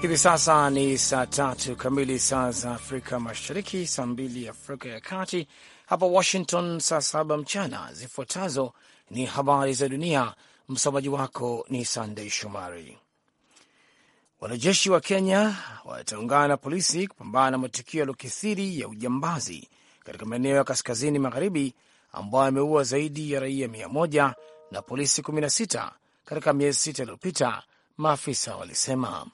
Hivi sasa ni saa tatu kamili saa za Afrika Mashariki, saa mbili Afrika ya Kati, hapa Washington saa saba mchana. Zifuatazo ni habari za dunia, msomaji wako ni Sandei Shomari. Wanajeshi wa Kenya wataungana na polisi kupambana na matukio yaliokithiri ya ujambazi katika maeneo ya kaskazini magharibi ambayo yameua zaidi ya raia mia moja na polisi 16 katika miezi sita iliyopita, maafisa walisema.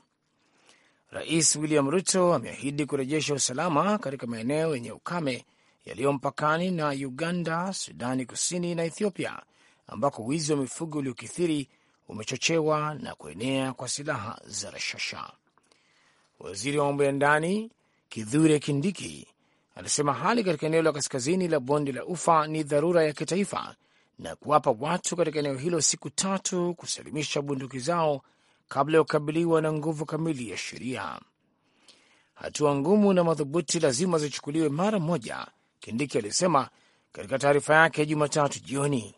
Rais William Ruto ameahidi kurejesha usalama katika maeneo yenye ukame yaliyo mpakani na Uganda, Sudani Kusini na Ethiopia, ambako wizi wa mifugo uliokithiri umechochewa na kuenea kwa silaha za rashasha. Waziri wa mambo ya ndani Kithure Kindiki anasema hali katika eneo la kaskazini la bonde la Ufa ni dharura ya kitaifa na kuwapa watu katika eneo hilo siku tatu kusalimisha bunduki zao kabla ya kukabiliwa na nguvu kamili ya sheria. Hatua ngumu na madhubuti lazima zichukuliwe mara moja, Kindiki alisema katika taarifa yake Jumatatu jioni.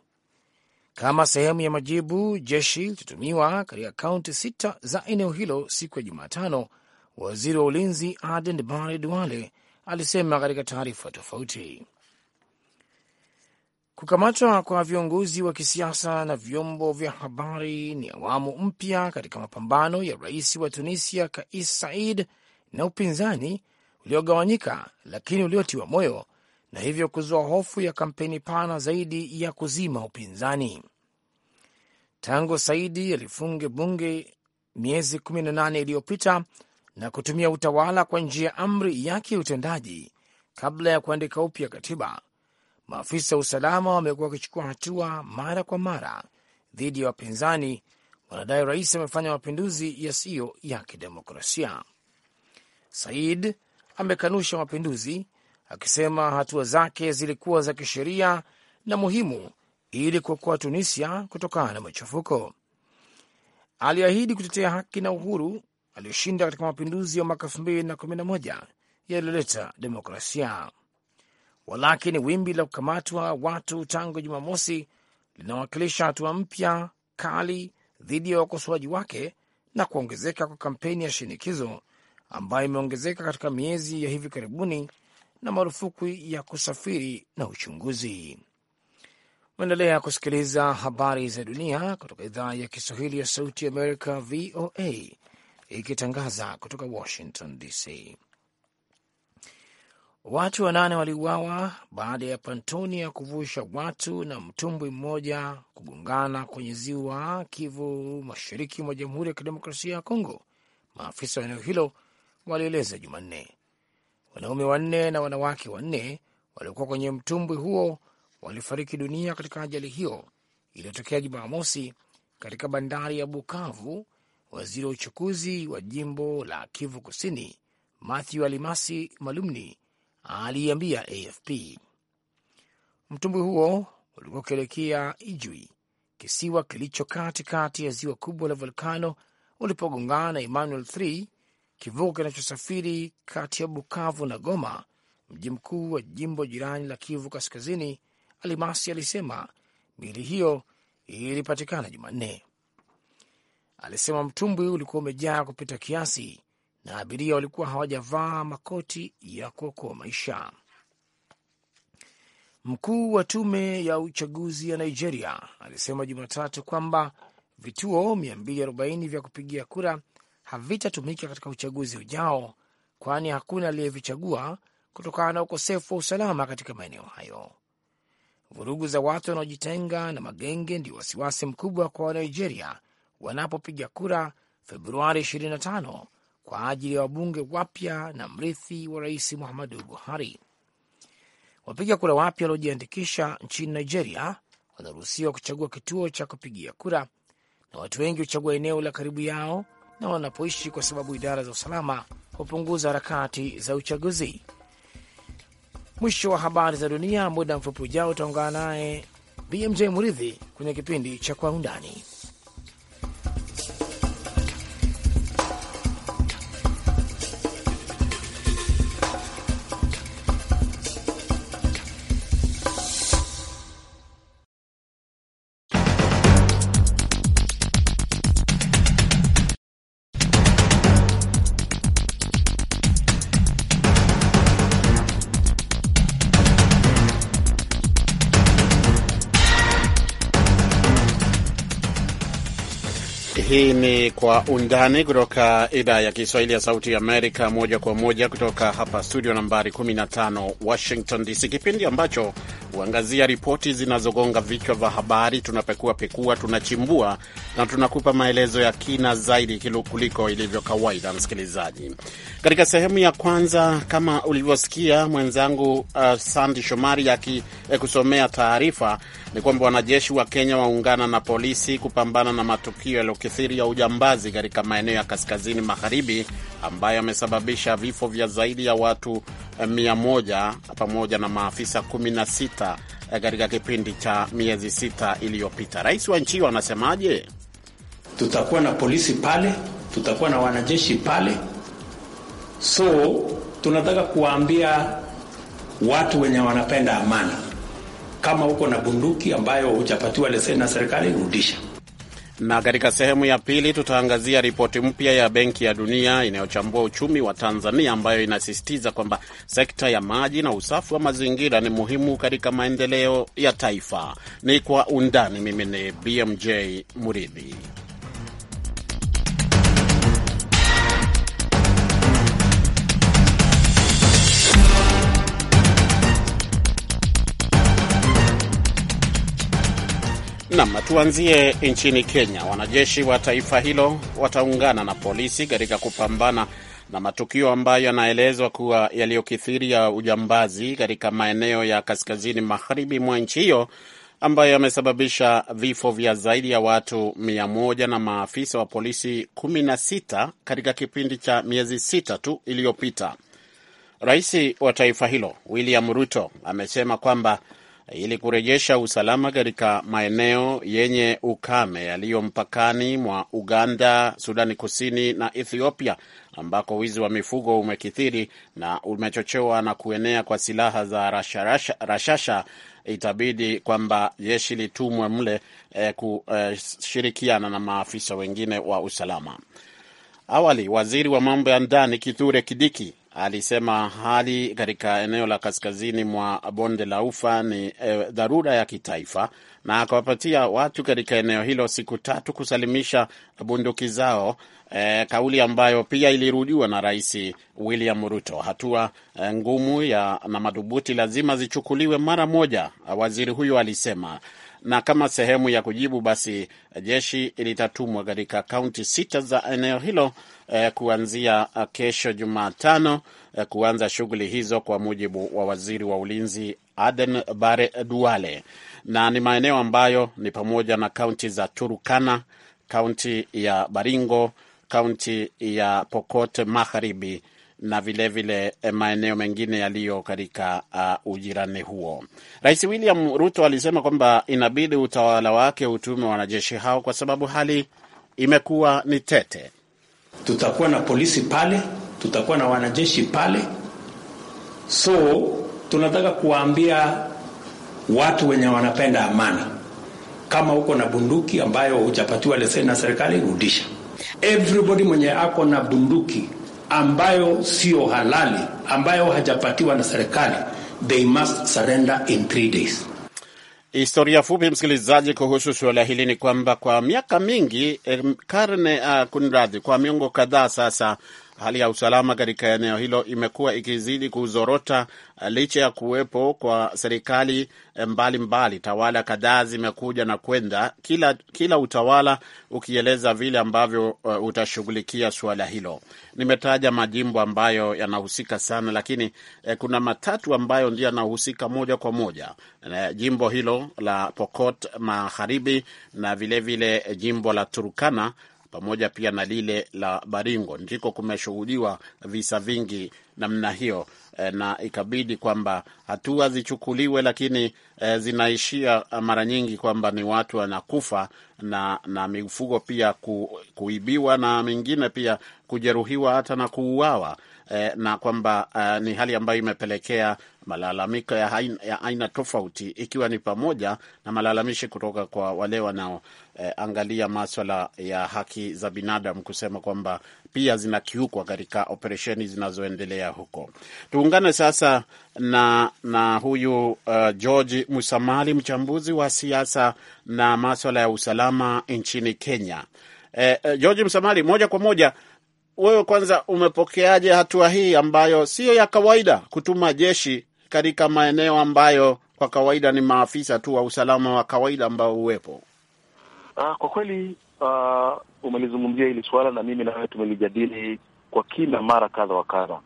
Kama sehemu ya majibu, jeshi litatumiwa katika kaunti sita za eneo hilo siku ya Jumatano, waziri wa ulinzi Aden Bare Duale alisema katika taarifa tofauti. Kukamatwa kwa viongozi wa kisiasa na vyombo vya habari ni awamu mpya katika mapambano ya rais wa Tunisia Kais said na upinzani uliogawanyika lakini uliotiwa moyo na hivyo kuzua hofu ya kampeni pana zaidi ya kuzima upinzani. Tangu Saidi alifunge bunge miezi 18 iliyopita na kutumia utawala kwa njia ya amri yake ya utendaji kabla ya kuandika upya katiba, Maafisa wa usalama wamekuwa wakichukua hatua mara kwa mara dhidi ya wapinzani wanadai rais amefanya mapinduzi yasiyo ya kidemokrasia. Said amekanusha mapinduzi akisema hatua zake zilikuwa za kisheria na muhimu ili kuokoa Tunisia kutokana na machafuko. Aliahidi kutetea haki na uhuru aliyoshinda katika mapinduzi ya mwaka 2011 yaliyoleta demokrasia. Walakini, wimbi la kukamatwa watu tangu Jumamosi linawakilisha hatua mpya kali dhidi ya wakosoaji wake na kuongezeka kwa kampeni ya shinikizo ambayo imeongezeka katika miezi ya hivi karibuni na marufuku ya kusafiri na uchunguzi. maendelea kusikiliza habari za dunia kutoka idhaa ya Kiswahili ya Sauti ya Amerika, VOA, ikitangaza kutoka Washington DC. Watu wanane waliuawa baada ya pantoni ya kuvusha watu na mtumbwi mmoja kugongana kwenye ziwa Kivu mashariki mwa Jamhuri ya Kidemokrasia ya Kongo, maafisa wa eneo hilo walieleza Jumanne. Wanaume wanne na wanawake wanne waliokuwa kwenye mtumbwi huo walifariki dunia katika ajali hiyo iliyotokea Jumamosi katika bandari ya Bukavu. Waziri wa uchukuzi wa jimbo la Kivu Kusini Matthew Alimasi Malumni aliiambia AFP. Mtumbwi huo ulikuwa ukielekea Ijwi, kisiwa kilicho katikati kati ya ziwa kubwa la volkano, ulipogongana na Emmanuel 3, kivuko kinachosafiri kati ya Bukavu na Goma, mji mkuu wa jimbo jirani la Kivu Kaskazini. Alimasi alisema miili hiyo ilipatikana Jumanne. Alisema mtumbwi ulikuwa umejaa kupita kiasi na abiria walikuwa hawajavaa makoti ya kuokoa maisha. Mkuu wa tume ya uchaguzi ya Nigeria alisema Jumatatu kwamba vituo 240 vya kupigia kura havitatumika katika uchaguzi ujao, kwani hakuna aliyevichagua kutokana na ukosefu wa usalama katika maeneo hayo. Vurugu za watu wanaojitenga na magenge ndio wasiwasi mkubwa kwa Wanigeria wanapopiga kura Februari 25 kwa ajili ya wabunge wapya na mrithi wa rais Muhammadu Buhari. Wapiga kura wapya waliojiandikisha nchini Nigeria wanaruhusiwa kuchagua kituo cha kupigia kura, na watu wengi huchagua eneo la karibu yao na wanapoishi, kwa sababu idara za usalama hupunguza harakati za uchaguzi. Mwisho wa habari za dunia. Muda mfupi ujao utaungana naye BMJ Muridhi kwenye kipindi cha Kwa Undani. Kwa Undani kutoka idhaa ya Kiswahili ya Sauti ya Amerika, moja kwa moja kutoka hapa studio nambari 15 Washington DC, kipindi ambacho huangazia ripoti zinazogonga vichwa vya habari. Tunapekua pekua, tunachimbua na tunakupa maelezo ya kina zaidi kuliko ilivyo kawaida. Msikilizaji, katika sehemu ya kwanza, kama ulivyosikia mwenzangu uh, Sandi Shomari akikusomea taarifa ni kwamba wanajeshi wa Kenya waungana na polisi kupambana na matukio yaliyokithiri ya ujambazi katika maeneo ya kaskazini magharibi ambayo yamesababisha vifo vya zaidi ya watu 100 eh, pamoja na maafisa 16 eh, katika kipindi cha miezi sita iliyopita. Rais wa nchi hiyo anasemaje? Tutakuwa na polisi pale, tutakuwa na wanajeshi pale, so tunataka kuwaambia watu wenye wanapenda amani kama uko na bunduki ambayo hujapatiwa leseni na serikali, rudisha. Na katika sehemu ya pili tutaangazia ripoti mpya ya Benki ya Dunia inayochambua uchumi wa Tanzania ambayo inasisitiza kwamba sekta ya maji na usafi wa mazingira ni muhimu katika maendeleo ya taifa. Ni kwa undani. Mimi ni BMJ Muridhi. Nam, tuanzie nchini Kenya. Wanajeshi wa taifa hilo wataungana na polisi katika kupambana na matukio ambayo yanaelezwa kuwa yaliyokithiri ya ujambazi katika maeneo ya kaskazini magharibi mwa nchi hiyo ambayo yamesababisha vifo vya zaidi ya watu mia moja na maafisa wa polisi kumi na sita katika kipindi cha miezi sita tu iliyopita. Rais wa taifa hilo William Ruto amesema kwamba ili kurejesha usalama katika maeneo yenye ukame yaliyo mpakani mwa Uganda, Sudani Kusini na Ethiopia ambako wizi wa mifugo umekithiri na umechochewa na kuenea kwa silaha za rashasha, rashasha itabidi kwamba jeshi litumwe mle e, eh, kushirikiana eh, na maafisa wengine wa usalama. Awali waziri wa mambo ya ndani Kithure Kidiki alisema hali katika eneo la kaskazini mwa bonde la Ufa ni e, dharura ya kitaifa, na akawapatia watu katika eneo hilo siku tatu kusalimisha bunduki zao, e, kauli ambayo pia ilirudiwa na Rais William Ruto. Hatua eh, ngumu ya na madhubuti lazima zichukuliwe mara moja, waziri huyo alisema na kama sehemu ya kujibu basi eh, jeshi litatumwa katika kaunti sita za eneo hilo eh, kuanzia eh, kesho Jumatano eh, kuanza shughuli hizo kwa mujibu wa waziri wa ulinzi Aden Bare Duale, na ni maeneo ambayo ni pamoja na kaunti za Turukana, kaunti ya Baringo, kaunti ya Pokot Magharibi na vilevile vile eh, maeneo mengine yaliyo katika uh, ujirani huo. Rais William Ruto alisema kwamba inabidi utawala wake utume wanajeshi hao kwa sababu hali imekuwa ni tete. Tutakuwa na polisi pale, tutakuwa na wanajeshi pale, so tunataka kuwaambia watu wenye wanapenda amani, kama uko na bunduki ambayo hujapatiwa leseni na serikali, rudisha. Everybody mwenye ako na bunduki ambayo sio halali, ambayo hajapatiwa na serikali, they must surrender in three days. Historia fupi, msikilizaji, kuhusu suala hili ni kwamba kwa miaka mingi karne, uh, kunradhi, kwa miongo kadhaa sasa Hali ya usalama katika eneo hilo imekuwa ikizidi kuzorota eh, licha ya kuwepo kwa serikali eh, mbalimbali mbali. Tawala kadhaa zimekuja na kwenda, kila, kila utawala ukieleza vile ambavyo uh, utashughulikia suala hilo. Nimetaja majimbo ambayo yanahusika sana, lakini eh, kuna matatu ambayo ndio yanahusika moja kwa moja eh, jimbo hilo la Pokot Magharibi na vilevile vile jimbo la Turkana pamoja pia na lile la Baringo ndiko kumeshuhudiwa visa vingi namna hiyo, eh, na ikabidi kwamba hatua zichukuliwe, lakini e, zinaishia eh, mara nyingi kwamba ni watu wanakufa na, na mifugo pia ku, kuibiwa na mingine pia kujeruhiwa hata na kuuawa e, na kwamba e, ni hali ambayo imepelekea malalamiko ya aina, ya aina tofauti ikiwa ni pamoja na malalamishi kutoka kwa wale wanaoangalia eh, maswala ya haki za binadamu kusema kwamba pia zinakiukwa katika operesheni zinazoendelea huko. Tuungane sasa na, na huyu uh, George Musamali, mchambuzi wa siasa na maswala ya usalama nchini Kenya. Eh, eh, George Msamali, moja kwa moja, wewe kwanza umepokeaje hatua hii ambayo siyo ya kawaida kutuma jeshi katika maeneo ambayo kwa kawaida ni maafisa tu wa usalama wa kawaida ambao huwepo? Ah, kwa kweli uh, umelizungumzia hili suala na mimi na wewe tumelijadili kwa kila mara kadha wa kadha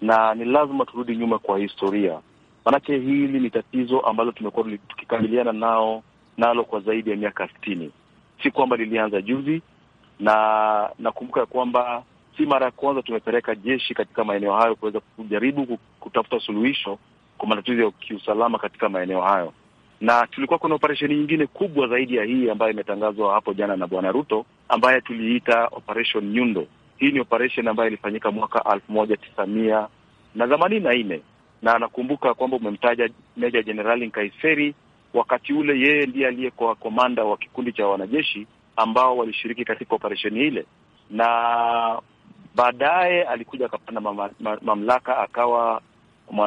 na ni lazima turudi nyuma kwa historia, maanake hili ni tatizo ambalo tumekuwa tukikabiliana nao nalo kwa zaidi ya miaka sitini. Si kwamba lilianza juzi, na nakumbuka ya kwamba si mara ya kwanza tumepeleka jeshi katika maeneo hayo kuweza kujaribu kutafuta suluhisho kwa matatizo ya kiusalama katika maeneo hayo, na tulikuwa kuna operesheni nyingine kubwa zaidi ya hii ambayo imetangazwa hapo jana na Bwana Ruto ambaye tuliita Operation Nyundo hii ni operation ambayo ilifanyika mwaka elfu moja tisa mia na themanini na nne na anakumbuka kwamba umemtaja Meja Jenerali Nkaiseri. Wakati ule yeye ndiye aliyekuwa komanda wa kikundi cha wanajeshi ambao walishiriki katika operesheni ile, na baadaye alikuja akapanda mamlaka akawa uh,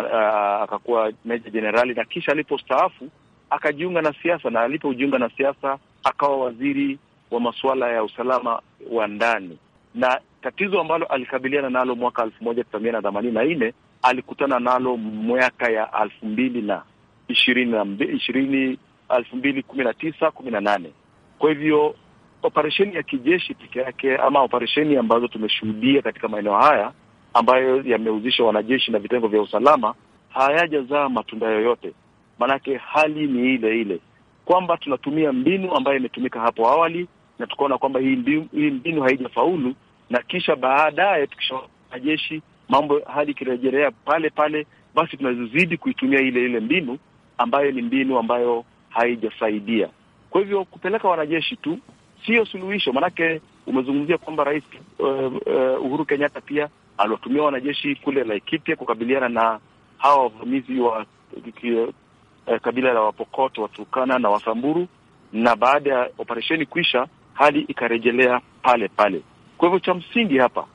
akakuwa meja jenerali, na kisha alipostaafu akajiunga na siasa, na alipojiunga na siasa akawa waziri wa masuala ya usalama wa ndani na tatizo ambalo alikabiliana nalo mwaka elfu moja tisa mia na themanini na nne alikutana nalo mwaka ya elfu mbili na ishirini na ishirini elfu mbili kumi na tisa kumi na nane Kwa hivyo operesheni ya kijeshi peke yake ama operesheni ambazo tumeshuhudia katika maeneo haya ambayo yamehuzisha wanajeshi na vitengo vya usalama hayajazaa matunda yoyote, maanake hali ni ile ile kwamba tunatumia mbinu ambayo imetumika hapo awali na tukaona kwamba hii mbinu, hii mbinu haijafaulu, na kisha baadaye tukishaona jeshi mambo hali ikirejelea pale pale, basi tunazozidi kuitumia ile ile mbinu ambayo ni mbinu ambayo haijasaidia. Kwa hivyo kupeleka wanajeshi tu sio suluhisho, maanake umezungumzia kwamba Rais uh, uh, Uhuru Kenyatta pia aliwatumia wanajeshi kule Laikipia kukabiliana na hawa wavamizi wa uh, kabila la Wapokoto, Waturkana na Wasamburu, na baada ya operesheni kuisha hali ikarejelea pale pale. Kwa hivyo cha msingi hapa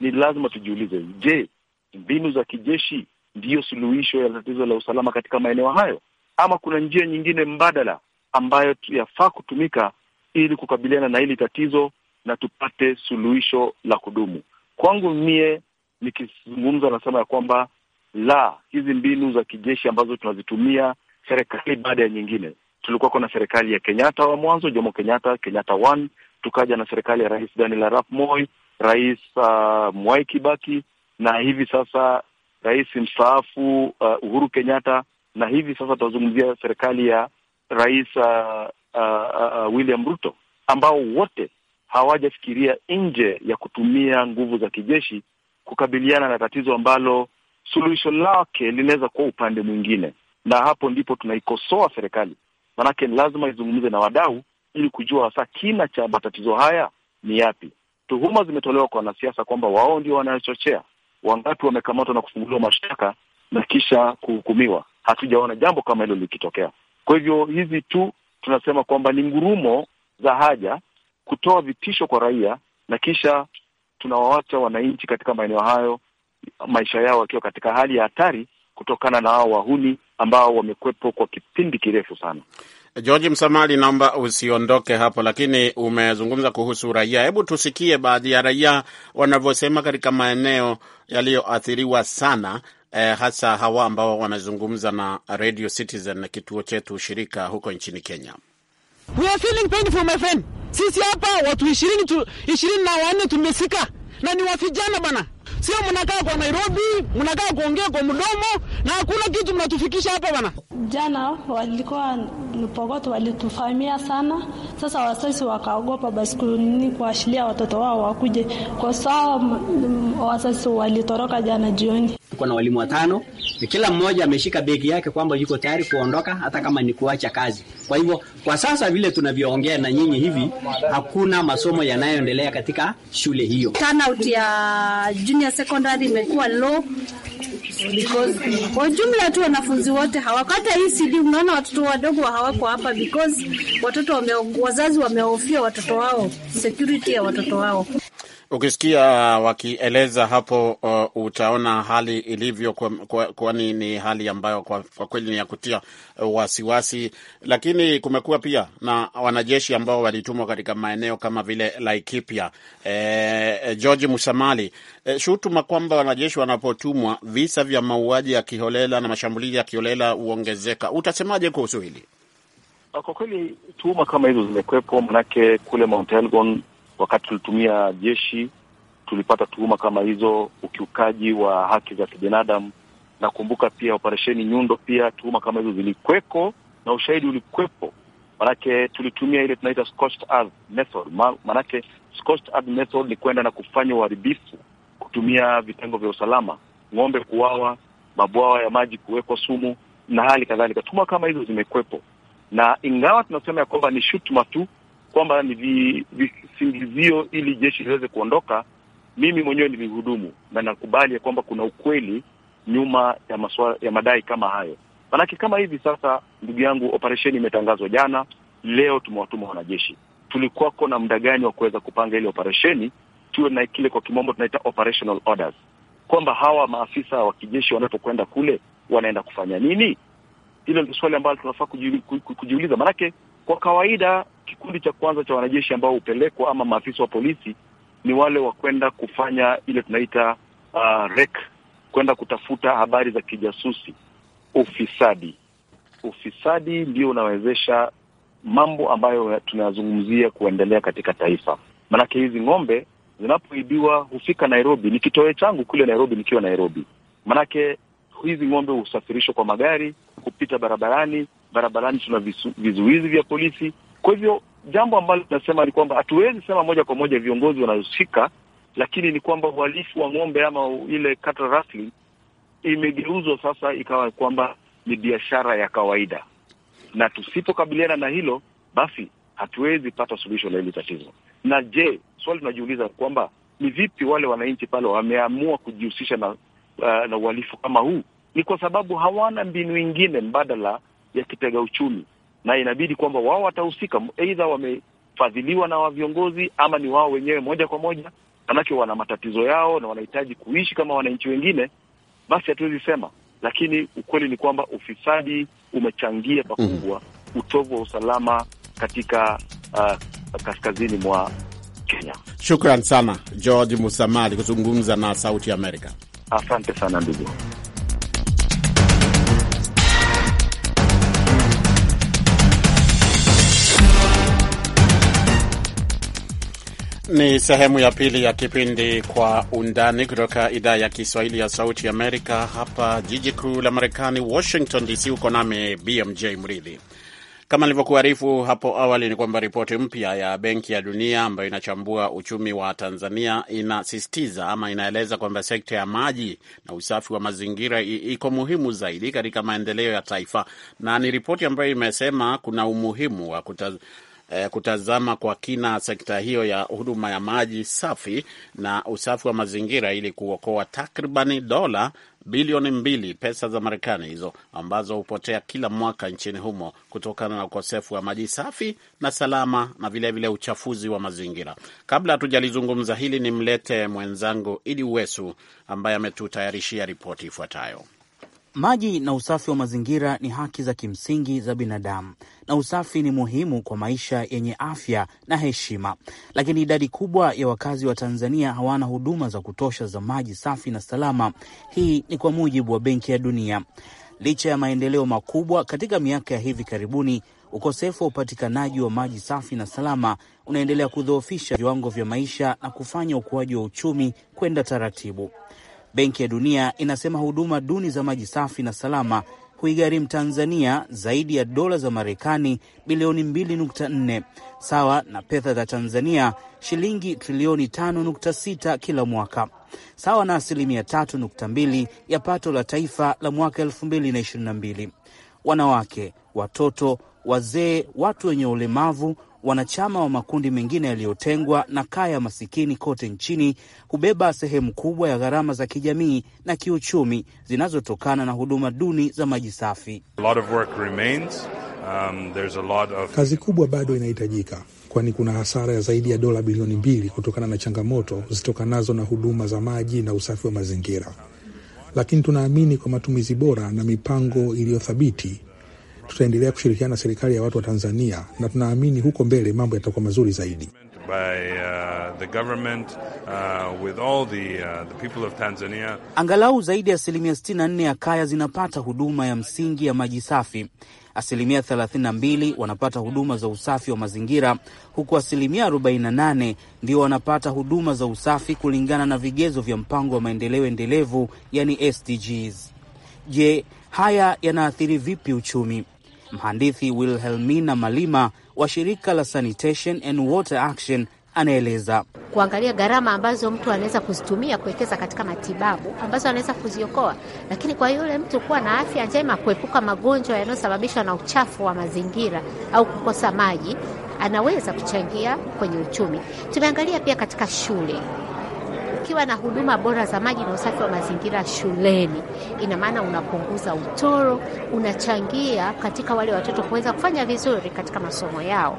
ni lazima tujiulize, je, mbinu za kijeshi ndiyo suluhisho ya tatizo la usalama katika maeneo hayo, ama kuna njia nyingine mbadala ambayo yafaa kutumika ili kukabiliana na hili tatizo na tupate suluhisho la kudumu? Kwangu mie nikizungumza, nasema ya kwamba la, hizi mbinu za kijeshi ambazo tunazitumia serikali baada ya nyingine, tulikuwako na serikali ya Kenyatta wa mwanzo, Jomo Kenyatta, Kenyatta one, tukaja na serikali ya Rais Daniel Arap Moi, Rais uh, Mwai Kibaki na hivi sasa rais mstaafu uh, Uhuru Kenyatta, na hivi sasa tunazungumzia serikali ya Rais uh, uh, uh, uh, William Ruto, ambao wote hawajafikiria nje ya kutumia nguvu za kijeshi kukabiliana na tatizo ambalo suluhisho lake linaweza kuwa upande mwingine, na hapo ndipo tunaikosoa serikali, maanake lazima izungumze na wadau ili kujua hasa kina cha matatizo haya ni yapi. Tuhuma zimetolewa kwa wanasiasa kwamba wao ndio wanayochochea Wangapi wamekamatwa na kufunguliwa mashtaka na kisha kuhukumiwa? Hatujaona jambo kama hilo likitokea. Kwa hivyo hizi tu tunasema kwamba ni ngurumo za haja kutoa vitisho kwa raia, na kisha tunawawacha wananchi katika maeneo hayo maisha yao wakiwa katika hali ya hatari kutokana na hao wahuni ambao wamekwepo kwa kipindi kirefu sana. George Msamali, naomba usiondoke hapo, lakini umezungumza kuhusu raia. Hebu tusikie baadhi ya raia wanavyosema katika maeneo yaliyoathiriwa sana, eh, hasa hawa ambao wanazungumza na Radio Citizen na kituo chetu shirika huko nchini Kenya. We are feeling painful, my friend. Sisi hapa watu ishirini tu, ishirini na wanne tumesika na ni wavijana bana Sio mnakaa kwa Nairobi, mnakaa kuongea kwa mdomo na hakuna kitu mnatufikisha hapa bana. Jana walikuwa Pokot, walitufahamia sana. Sasa wasasi wakaogopa baiskeli kuashilia watoto wao wakuje, kwa sababu wasasi walitoroka jana jioni. Tuko na walimu watano, kila mmoja ameshika begi yake kwamba yuko tayari kuondoka hata kama ni kuacha kazi. Kwa hivyo kwa sasa vile tunavyoongea na nyinyi hivi, hakuna masomo yanayoendelea katika shule hiyo. Turnout ya junior secondary imekuwa low because kwa jumla tu wanafunzi wote hawakata hii CD. Unaona watoto wadogo hawako hapa because watoto wame, wazazi wamehofia watoto wao, security ya watoto wao. Ukisikia uh, wakieleza hapo uh, utaona hali ilivyo, kwani kwa, ni hali ambayo kwa, kwa kweli ni ya kutia uh, wasiwasi, lakini kumekuwa pia na wanajeshi ambao walitumwa katika maeneo kama vile Laikipia. E, George Musamali, eh, shutuma kwamba wanajeshi wanapotumwa visa vya mauaji ya kiholela na mashambulizi ya kiholela huongezeka. Utasemaje kuhusu hili? Kwa kweli tuhuma kama hizo zimekwepo, manake kule Mount Elgon wakati tulitumia jeshi tulipata tuhuma kama hizo, ukiukaji wa haki za kibinadamu. Nakumbuka pia operesheni Nyundo, pia tuhuma kama hizo zilikweko na ushahidi ulikwepo, manake tulitumia ile tunaita scorched earth method. Manake scorched earth method ni kwenda na kufanya uharibifu kutumia vitengo vya usalama, ng'ombe kuwawa, mabwawa ya maji kuwekwa sumu na hali kadhalika. Tuhuma kama hizo zimekwepo, na ingawa tunasema ya kwamba ni shutuma tu kwamba ni visingizio ili jeshi liweze kuondoka. Mimi mwenyewe ni vihudumu na nakubali ya kwamba kuna ukweli nyuma ya maswala ya madai kama hayo, manake kama hivi sasa, ndugu yangu, operesheni imetangazwa jana, leo tumewatuma wanajeshi. Tulikuwako na muda gani wa kuweza kupanga ile operesheni? Tuwe na kile kwa kimombo tunaita operational orders, kwamba hawa maafisa wa kijeshi wanapokwenda kule wanaenda kufanya nini? Hilo ndio swali ambalo tunafaa kujiuliza, manake kwa kawaida kikundi cha kwanza cha wanajeshi ambao hupelekwa ama maafisa wa polisi ni wale wa kwenda kufanya ile tunaita uh, kwenda kutafuta habari za kijasusi, ufisadi. Ufisadi ndio unawezesha mambo ambayo tunayazungumzia kuendelea katika taifa, maanake hizi ng'ombe zinapoibiwa hufika Nairobi. Ni kitoe changu kule Nairobi, nikiwa Nairobi, maanake hizi ng'ombe husafirishwa kwa magari kupita barabarani. Barabarani tuna vizuizi vya polisi kwa hivyo jambo ambalo tunasema ni kwamba hatuwezi sema moja kwa moja viongozi wanahusika, lakini ni kwamba uhalifu wa ng'ombe ama ile cattle rustling imegeuzwa sasa ikawa kwamba ni biashara ya kawaida, na tusipokabiliana na hilo basi hatuwezi pata suluhisho la hili tatizo. Na je, swali tunajiuliza kwamba ni vipi wale wananchi pale wameamua kujihusisha na uh, na uhalifu kama huu? Ni kwa sababu hawana mbinu ingine mbadala ya kitega uchumi na inabidi kwamba wao watahusika, aidha wamefadhiliwa na viongozi ama ni wao wenyewe moja kwa moja, manake wana matatizo yao na wanahitaji kuishi kama wananchi wengine, basi hatuwezi sema, lakini ukweli ni kwamba ufisadi umechangia pakubwa mm, utovu wa usalama katika uh, kaskazini mwa Kenya. Shukran sana George Musamali kuzungumza na Sauti Amerika. Asante sana ndugu. Ni sehemu ya pili ya kipindi Kwa Undani kutoka idhaa ya Kiswahili ya Sauti Amerika, hapa jiji kuu la Marekani, Washington DC. Uko nami BMJ Mridhi. Kama nilivyokuarifu hapo awali, ni kwamba ripoti mpya ya Benki ya Dunia ambayo inachambua uchumi wa Tanzania inasisitiza ama inaeleza kwamba sekta ya maji na usafi wa mazingira iko muhimu zaidi katika maendeleo ya taifa, na ni ripoti ambayo imesema kuna umuhimu wa eh, kutazama kwa kina sekta hiyo ya huduma ya maji safi na usafi wa mazingira ili kuokoa takribani dola bilioni mbili pesa za Marekani hizo ambazo hupotea kila mwaka nchini humo kutokana na ukosefu wa maji safi na salama na vilevile vile uchafuzi wa mazingira. Kabla hatujalizungumza hili, nimlete mwenzangu Idi Uwesu ambaye ametutayarishia ripoti ifuatayo. Maji na usafi wa mazingira ni haki za kimsingi za binadamu, na usafi ni muhimu kwa maisha yenye afya na heshima. Lakini idadi kubwa ya wakazi wa Tanzania hawana huduma za kutosha za maji safi na salama. Hii ni kwa mujibu wa Benki ya Dunia. Licha ya maendeleo makubwa katika miaka ya hivi karibuni, ukosefu wa upatikanaji wa maji safi na salama unaendelea kudhoofisha viwango vya maisha na kufanya ukuaji wa uchumi kwenda taratibu. Benki ya Dunia inasema huduma duni za maji safi na salama huigharimu Tanzania zaidi ya dola za Marekani bilioni 2.4 sawa na pesa za Tanzania shilingi trilioni 5.6 kila mwaka sawa na asilimia 3.2 ya pato la taifa la mwaka 2022. Wanawake, watoto, wazee, watu wenye ulemavu wanachama wa makundi mengine yaliyotengwa na kaya masikini kote nchini hubeba sehemu kubwa ya gharama za kijamii na kiuchumi zinazotokana na huduma duni za maji safi. Um, of... kazi kubwa bado inahitajika kwani kuna hasara ya zaidi ya dola bilioni mbili kutokana na changamoto zitokanazo na huduma za maji na usafi wa mazingira, lakini tunaamini kwa matumizi bora na mipango iliyothabiti tutaendelea kushirikiana na serikali ya watu wa Tanzania na tunaamini huko mbele mambo yatakuwa mazuri zaidi. By, uh, the government, uh, with all the, uh, the people of Tanzania. Angalau zaidi ya asilimia 64 ya kaya zinapata huduma ya msingi ya maji safi, asilimia 32 wanapata huduma za usafi wa mazingira, huku asilimia 48 ndio wanapata huduma za usafi kulingana na vigezo vya mpango wa maendeleo endelevu, yani SDGs. Je, haya yanaathiri vipi uchumi? Mhandisi Wilhelmina Malima wa shirika la Sanitation and Water Action anaeleza kuangalia gharama ambazo mtu anaweza kuzitumia kuwekeza katika matibabu ambazo anaweza kuziokoa, lakini kwa yule mtu kuwa na afya njema, kuepuka magonjwa yanayosababishwa na uchafu wa mazingira au kukosa maji, anaweza kuchangia kwenye uchumi. Tumeangalia pia katika shule ukiwa na huduma bora za maji na usafi wa mazingira shuleni, ina maana unapunguza utoro, unachangia katika wale watoto kuweza kufanya vizuri katika masomo yao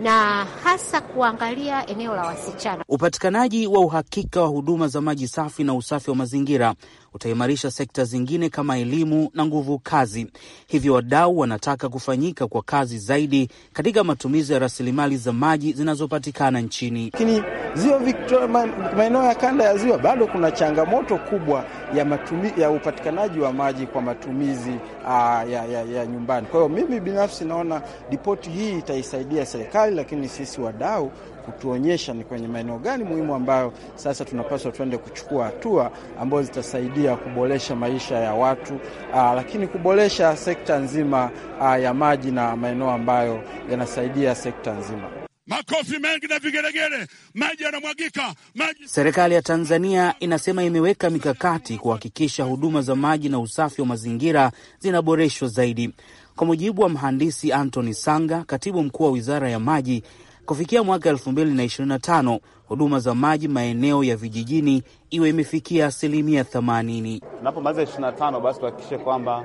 na hasa kuangalia eneo la wasichana. Upatikanaji wa uhakika wa huduma za maji safi na usafi wa mazingira utaimarisha sekta zingine kama elimu na nguvu kazi. Hivyo wadau wanataka kufanyika kwa kazi zaidi katika matumizi ya rasilimali za maji zinazopatikana nchini. Lakini ziwa Victoria, maeneo ya kanda ya ziwa, bado kuna changamoto kubwa ya, matumi, ya upatikanaji wa maji kwa matumizi aa, ya, ya, ya nyumbani. Kwa hiyo mimi binafsi naona ripoti hii itaisaidia serikali, lakini sisi wadau kutuonyesha ni kwenye maeneo gani muhimu ambayo sasa tunapaswa tuende kuchukua hatua ambazo zitasaidia kuboresha maisha ya watu aa, ah, lakini kuboresha sekta nzima aa, ah, ya maji na maeneo ambayo yanasaidia sekta nzima. Makofi mengi na vigelegele, maji yanamwagika, maji. Serikali ya Tanzania inasema imeweka mikakati kuhakikisha huduma za maji na usafi wa mazingira zinaboreshwa zaidi. Kwa mujibu wa mhandisi Anthony Sanga, katibu mkuu wa wizara ya maji, Kufikia mwaka elfu mbili na ishirini na tano huduma za maji maeneo ya vijijini iwe imefikia asilimia themanini. Tunapomaliza ishirini na tano basi tuhakikishe kwamba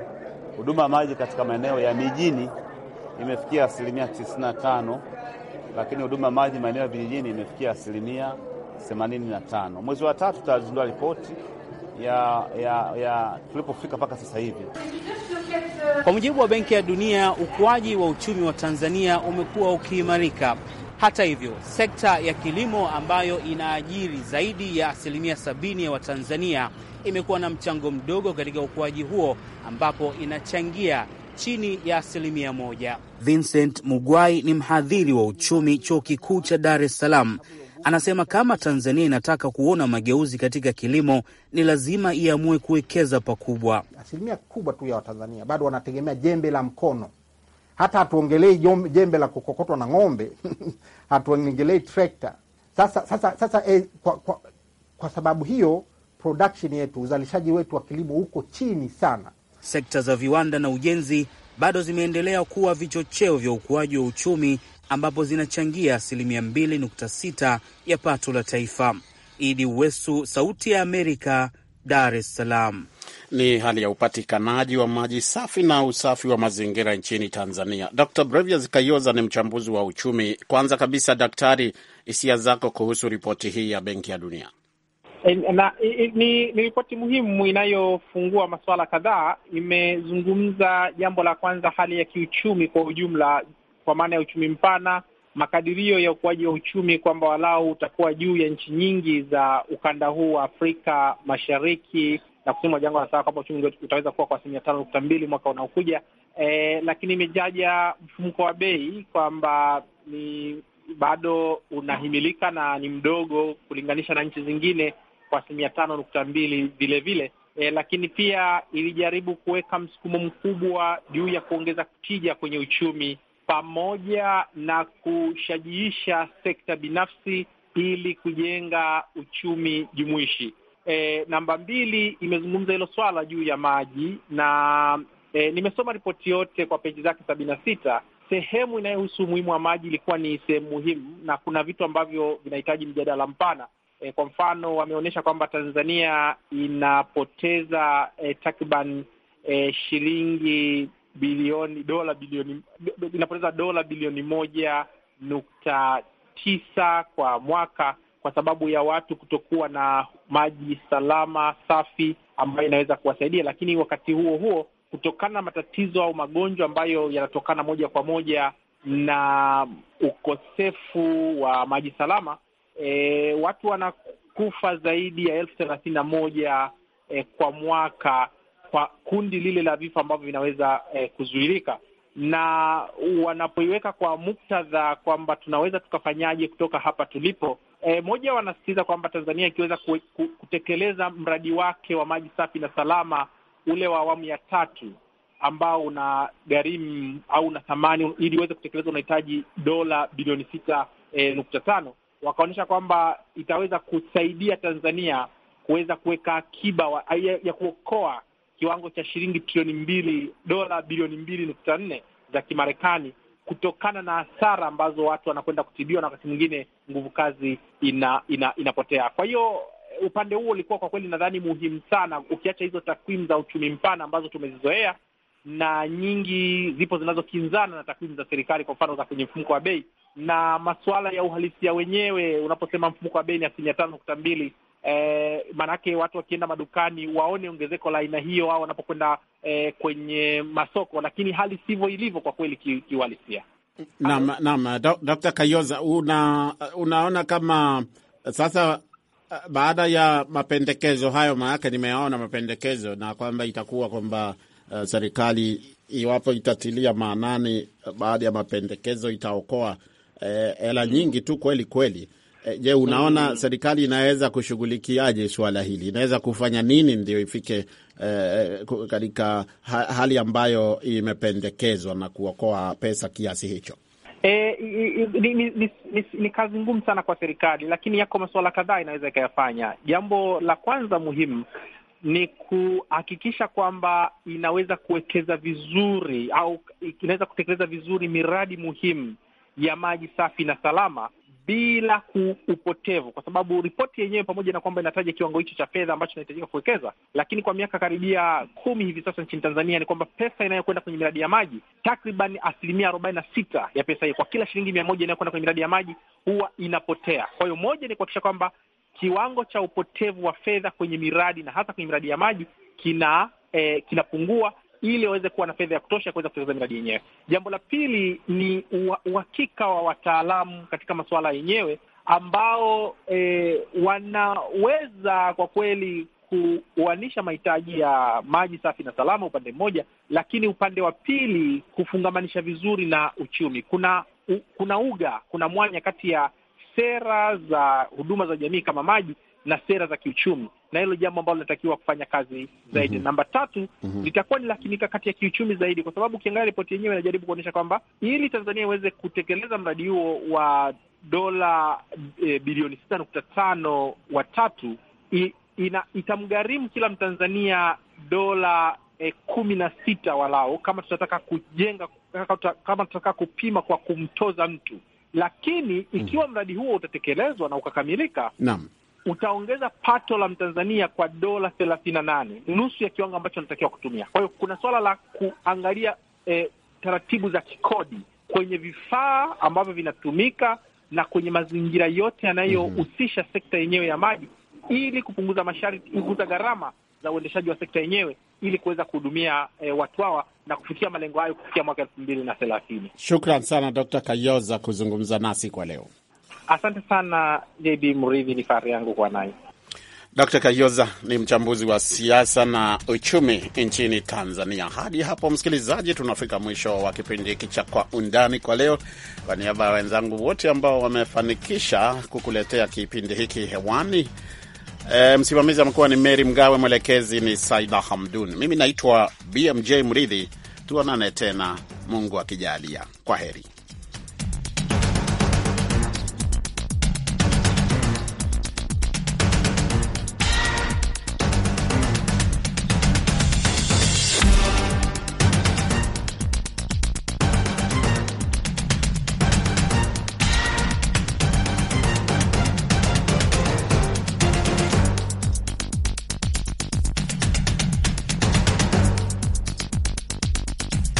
huduma ya maji katika maeneo ya mijini imefikia asilimia tisini na tano lakini huduma ya maji maeneo ya vijijini imefikia asilimia themanini na tano. Mwezi wa tatu tutazindua ripoti ya, ya, ya tulipofika mpaka sasa hivi. Kwa mujibu wa Benki ya Dunia, ukuaji wa uchumi wa Tanzania umekuwa ukiimarika hata hivyo, sekta ya kilimo ambayo inaajiri zaidi ya asilimia sabini ya Watanzania imekuwa na mchango mdogo katika ukuaji huo ambapo inachangia chini ya asilimia moja. Vincent Mugwai ni mhadhiri wa uchumi chuo kikuu cha Dar es Salaam. Anasema kama Tanzania inataka kuona mageuzi katika kilimo ni lazima iamue kuwekeza pakubwa. Asilimia kubwa tu ya Watanzania bado wanategemea jembe la mkono hata hatuongelei jembe la kukokotwa na ng'ombe hatuongelei trekta. Sasa, sasa, sasa eh, kwa, kwa, kwa sababu hiyo production yetu, uzalishaji wetu wa kilimo uko chini sana. Sekta za viwanda na ujenzi bado zimeendelea kuwa vichocheo vya ukuaji wa uchumi ambapo zinachangia asilimia 2.6 ya pato la taifa. Idi Uwesu, Sauti ya Amerika, Dar es Salaam ni hali ya upatikanaji wa maji safi na usafi wa mazingira nchini Tanzania. Dr Brevias Kayoza ni mchambuzi wa uchumi. Kwanza kabisa, daktari, hisia zako kuhusu ripoti hii ya Benki ya Dunia? E, na, e, e, ni, ni ripoti muhimu inayofungua masuala kadhaa. Imezungumza jambo la kwanza, hali ya kiuchumi kwa ujumla, kwa maana ya uchumi mpana, makadirio ya ukuaji wa uchumi kwamba walau utakuwa juu ya nchi nyingi za ukanda huu wa Afrika Mashariki na kusini mwa jangwa la Sahara kwamba uchumi utaweza kuwa kwa asilimia tano nukta mbili mwaka unaokuja. E, lakini imejaja mfumko wa bei kwamba ni bado unahimilika na ni mdogo kulinganisha na nchi zingine kwa asilimia tano nukta mbili vilevile E, lakini pia ilijaribu kuweka msukumo mkubwa juu ya kuongeza tija kwenye uchumi pamoja na kushajiisha sekta binafsi ili kujenga uchumi jumuishi e, namba mbili imezungumza hilo swala juu ya maji na e, nimesoma ripoti yote kwa peji zake sabini na sita. Sehemu inayohusu umuhimu wa maji ilikuwa ni sehemu muhimu na kuna vitu ambavyo vinahitaji mjadala mpana. E, kwa mfano wameonyesha kwamba Tanzania inapoteza e, takriban e, shilingi bilioni dola bilioni inapoteza dola bilioni moja nukta tisa kwa mwaka kwa sababu ya watu kutokuwa na maji salama safi ambayo inaweza kuwasaidia, lakini wakati huo huo kutokana na matatizo au magonjwa ambayo yanatokana moja kwa moja na ukosefu wa maji salama e, watu wanakufa zaidi ya elfu thelathini na moja e, kwa mwaka kwa kundi lile la vifo ambavyo vinaweza e, kuzuilika. Na wanapoiweka kwa muktadha kwamba tunaweza tukafanyaje kutoka hapa tulipo, E, moja wanasisitiza kwamba Tanzania ikiweza kutekeleza mradi wake wa maji safi na salama ule wa awamu ya tatu ambao una gharimu au una thamani ili iweze kutekelezwa unahitaji dola bilioni sita e, nukta tano. Wakaonyesha kwamba itaweza kusaidia Tanzania kuweza kuweka akiba ya, ya kuokoa kiwango cha shilingi trilioni mbili dola bilioni mbili nukta nne za Kimarekani kutokana na hasara ambazo watu wanakwenda kutibiwa na wakati mwingine nguvu kazi ina, ina, inapotea. Kwa hiyo eh, upande huo ulikuwa kwa kweli nadhani muhimu sana, ukiacha hizo takwimu za uchumi mpana ambazo tumezizoea na nyingi zipo zinazokinzana na takwimu za serikali, kwa mfano za kwenye mfumuko wa bei na masuala ya uhalisia wenyewe. Unaposema mfumuko wa bei ni asilimia tano nukta mbili, eh, maanake watu wakienda madukani waone ongezeko la aina hiyo, au wanapokwenda eh, kwenye masoko, lakini hali sivyo ilivyo kwa kweli kiuhalisia. Naam, naam. Dr. Kayoza, una, unaona kama sasa baada ya mapendekezo hayo, maanake nimeona mapendekezo na kwamba itakuwa kwamba uh, serikali iwapo itatilia maanani eh, baada ya mapendekezo itaokoa eh, hela eh, nyingi tu kweli kweli. Eh, je, unaona mm. serikali inaweza kushughulikiaje suala hili? Inaweza kufanya nini ndio ifike Eh, eh, katika hali ambayo imependekezwa na kuokoa pesa kiasi hicho? E, ni, ni, ni, ni, ni kazi ngumu sana kwa serikali, lakini yako masuala kadhaa inaweza ikayafanya. Jambo la kwanza muhimu ni kuhakikisha kwamba inaweza kuwekeza vizuri au inaweza kutekeleza vizuri miradi muhimu ya maji safi na salama bila kuupotevu, kwa sababu ripoti yenyewe pamoja na kwamba inataja kiwango hicho cha fedha ambacho inahitajika kuwekeza, lakini kwa miaka karibia kumi hivi sasa nchini Tanzania ni kwamba pesa inayokwenda kwenye miradi ya maji takriban asilimia arobaini na sita ya pesa hiyo kwa kila shilingi mia moja inayokwenda kwenye miradi ya maji huwa inapotea. Kwa hiyo moja ni kuhakikisha kwamba kiwango cha upotevu wa fedha kwenye miradi na hasa kwenye miradi ya maji kina eh, kinapungua ili waweze kuwa na fedha ya kutosha kuweza kutekeleza miradi yenyewe. Jambo la pili ni uhakika wa wataalamu katika masuala yenyewe ambao e, wanaweza kwa kweli kuanisha mahitaji ya maji safi na salama upande mmoja, lakini upande wa pili kufungamanisha vizuri na uchumi. Kuna u, kuna uga, kuna mwanya kati ya sera za huduma za jamii kama maji na sera za kiuchumi, na hilo jambo ambalo linatakiwa kufanya kazi zaidi. mm -hmm. Namba tatu, mm -hmm. litakuwa ni la kimikakati ya kiuchumi zaidi, kwa sababu ukiangalia ripoti yenyewe inajaribu kuonyesha kwamba ili Tanzania iweze kutekeleza mradi huo wa dola e, bilioni sita nukta tano wa tatu ina, itamgharimu kila Mtanzania dola e, kumi na sita walau, kama tutataka kujenga, kama tutataka kupima kwa kumtoza mtu lakini mm. ikiwa mradi huo utatekelezwa na ukakamilika, naam, utaongeza pato la Mtanzania kwa dola thelathini na nane, nusu ya kiwango ambacho anatakiwa kutumia. Kwa hiyo kuna swala la kuangalia eh, taratibu za kikodi kwenye vifaa ambavyo vinatumika na kwenye mazingira yote yanayohusisha mm -hmm. sekta yenyewe ya maji ili kupunguza masharti, kupunguza gharama za uendeshaji wa sekta yenyewe ili kuweza kuhudumia e, watu hawa na kufikia malengo hayo kufikia mwaka elfu mbili na thelathini. Shukran sana Dr. Kayoza kuzungumza nasi kwa leo. Asante sana JB Mridhi, ni fahari yangu kuwa naye. Dr. Kayoza ni mchambuzi wa siasa na uchumi nchini Tanzania. Hadi hapo msikilizaji, tunafika mwisho wa kipindi hiki cha Kwa Undani kwa leo. Kwa niaba ya wenzangu wote ambao wamefanikisha kukuletea kipindi hiki hewani E, msimamizi amekuwa ni Meri Mgawe, mwelekezi ni Saida Hamdun, mimi naitwa BMJ Mridhi. Tuonane tena Mungu akijalia. Kwa heri.